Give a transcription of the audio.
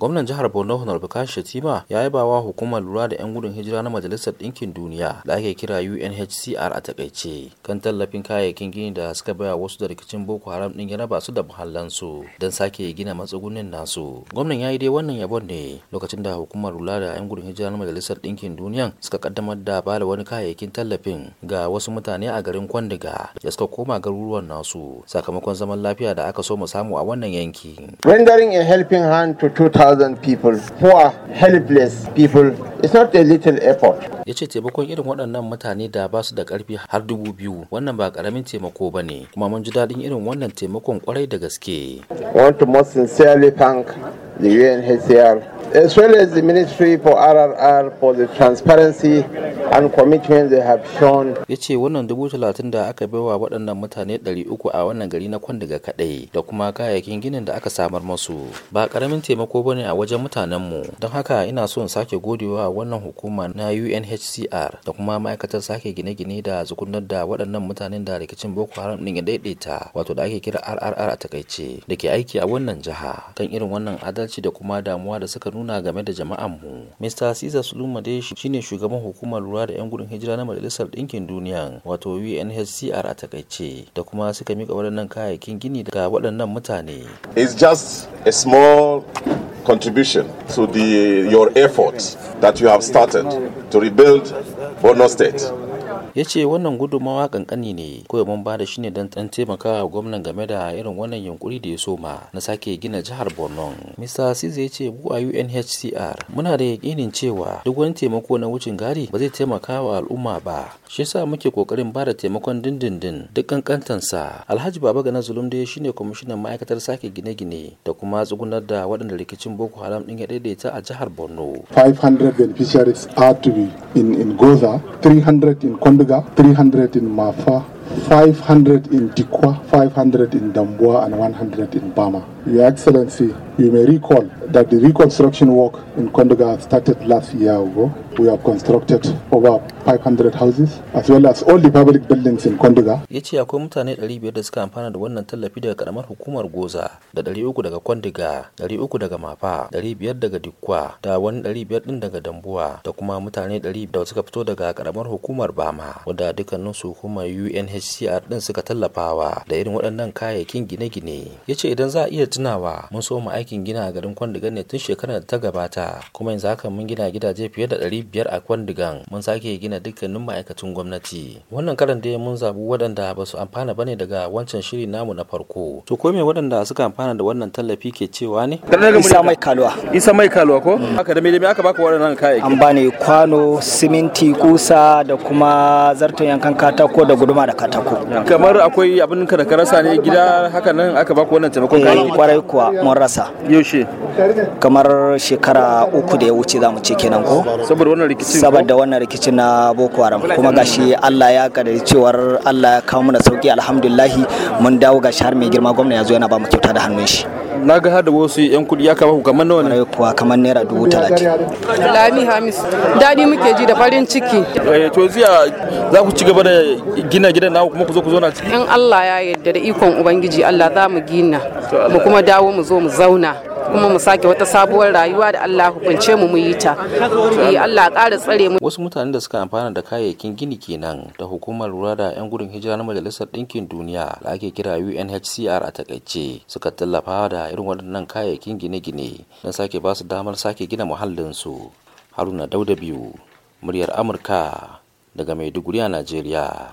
gwamnan jihar borno honar kashi shatima ya yi bawa hukumar lura da 'yan gudun hijira na majalisar ɗinkin duniya da ake kira unhcr a takaice kan tallafin kayayyakin gini da suka baya wasu da rikicin boko haram ɗin ya raba da muhallansu don sake gina matsugunin nasu gwamnan ya yi dai wannan yabon ne lokacin da hukumar lura da 'yan gudun hijira na majalisar ɗinkin duniya suka kaddamar da bada wani kayayyakin tallafin ga wasu mutane a garin kwandiga da suka koma garuruwan nasu sakamakon zaman lafiya da aka so mu samu a wannan yanki rendering a helping hand to thousand people are helpless people it's not a little effort ya ce taimakon irin waɗannan mutane da ba su da ƙarfi har dubu biyu wannan ba ƙaramin taimako ba ne kuma mun ji daɗin irin wannan taimakon kwarai da gaske want to most sincerely thank the UNHCR as well as the Ministry for RRR for the transparency and commitment they have shown. Ya ce wannan dubu talatin da aka baiwa waɗannan mutane ɗari uku a wannan gari na kwan daga kaɗai da kuma kayayyakin ginin da aka samar musu. Ba ƙaramin taimako bane a wajen mutanenmu don haka ina son sake godewa wannan hukuma na UNHCR da kuma ma'aikatar sake gine-gine da zukunar da waɗannan mutanen da rikicin Boko Haram ɗin ya daidaita wato da ake kira RRR a takaice da ke aiki a wannan jiha kan irin wannan adalci da kuma damuwa da suka nuna nuna game da jama'anmu. Mr. Caesar Suluma dai shine shugaban hukumar lura da 'yan gudun hijira na Majalisar Ɗinkin Duniya wato UNHCR a takaice da kuma suka mika waɗannan kayayyakin gini ga waɗannan mutane. It's just a small contribution to the your effort that you have started to rebuild Borno State. ya ce wannan gudunmawa kankani ne kawai mun bada shi ne don ɗan taimakawa gwamnan game da irin wannan yunkuri da ya soma na sake gina jihar borno mr siza ya ce mu a unhcr muna da yakinin cewa duk wani taimako na wucin gari ba zai taimaka wa al'umma ba shi yasa muke kokarin bada taimakon dindindin duk kankantansa alhaji baba gana zulum da shine kwamishinan ma'aikatar sake gine-gine da kuma tsugunar da waɗanda rikicin boko haram ɗin ya daidaita a jihar borno 500 beneficiaries are to be in, in Goza, 300 in Konduga, 300 in Mafa, 500 in Tikwa, 500 in Damboa, and 100 in Bama. Your Excellency, you may recall that the reconstruction work in Kondoga started last year ago. We have constructed over 500 houses as well as all the public buildings in Kondoga. Ya ce akwai mutane 500 da suka amfana da wannan tallafi daga karamar hukumar Goza da 300 daga Kondoga, 300 daga Mafa, 500 daga Dikwa, da wani 500 din daga Dambuwa da kuma mutane 100 da suka fito daga karamar hukumar Bama wanda dukkanin su hukumar UNHCR din suka tallafawa da irin waɗannan kayayyakin gine-gine. Ya ce idan za a iya tunawa mun so mu aikin gina a garin Kwandigan ne tun shekarar da ta gabata kuma yanzu haka mun gina gidaje fiye da ɗari biyar a Kwandigan mun sake gina dukkanin ma'aikatan gwamnati. Wannan karan dai mun zabi waɗanda ba su amfana bane daga wancan shiri namu na farko. To ko me waɗanda suka amfana da wannan tallafi ke cewa ne? Isa mai kaluwa. Isa mai kaluwa ko? Haka da me me aka baka waɗannan kayayyaki? An bani kwano, siminti, kusa da kuma zarton yankan katako da guduma da katako. Kamar akwai abin ka da ka rasa ne gida haka nan aka baka wannan taimakon kayayyaki. Eh, kwarai kuwa mun rasa yaushe kamar shekara uku da ya wuce za mu ce kenan ko saboda wannan rikicin na boko haram kuma gashi Allah ya kada cewar Allah ya kawo mana sauki alhamdulillah mun dawo gashi har mai girma gwamna ya zo yana ba mu kyauta da hannun shi na ga hada wasu yan kuɗi ya kama ku kamar nawa ne kuwa kamar naira dubu talatin lami hamis dadi muke ji da farin ciki eh, to ziya za ku ci gaba da gina gidan na kuma ku zo ku zauna ciki in Allah ya yarda da ikon ubangiji Allah za mu gina mu kuma dawo mu zo mu zauna kuma mu sake wata sabuwar rayuwa da Allah hukunce mu muyi yi ta eh, Allah ƙara tsare mu wasu mutanen da suka amfana da kayayyakin gini kenan da hukumar lura da yan gudun hijira na majalisar ɗinkin duniya da ake kira UNHCR a takaice suka tallafa da irin waɗannan kayayyakin gine-gine don sake ba su damar sake gina muhallinsu haruna dauda biyu muryar amurka daga maiduguri a najeriya